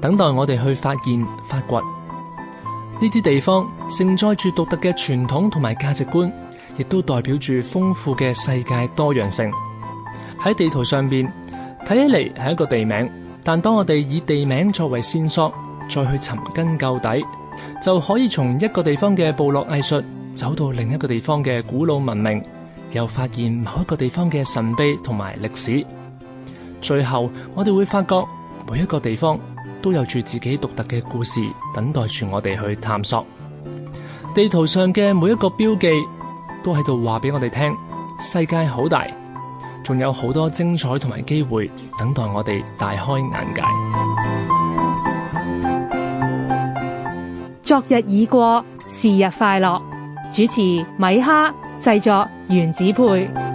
等待我哋去發現發掘，呢啲地方，承載住獨特嘅傳統同埋價值觀，亦都代表住豐富嘅世界多樣性。喺地圖上邊睇起嚟，係一個地名，但當我哋以地名作為線索，再去尋根究底，就可以從一個地方嘅部落藝術走到另一個地方嘅古老文明，又發現某一個地方嘅神秘同埋歷史。最後，我哋會發覺每一個地方。都有住自己獨特嘅故事，等待住我哋去探索。地圖上嘅每一個標記都喺度話俾我哋聽，世界好大，仲有好多精彩同埋機會等待我哋大開眼界。昨日已過，是日快樂。主持米哈，製作原子配。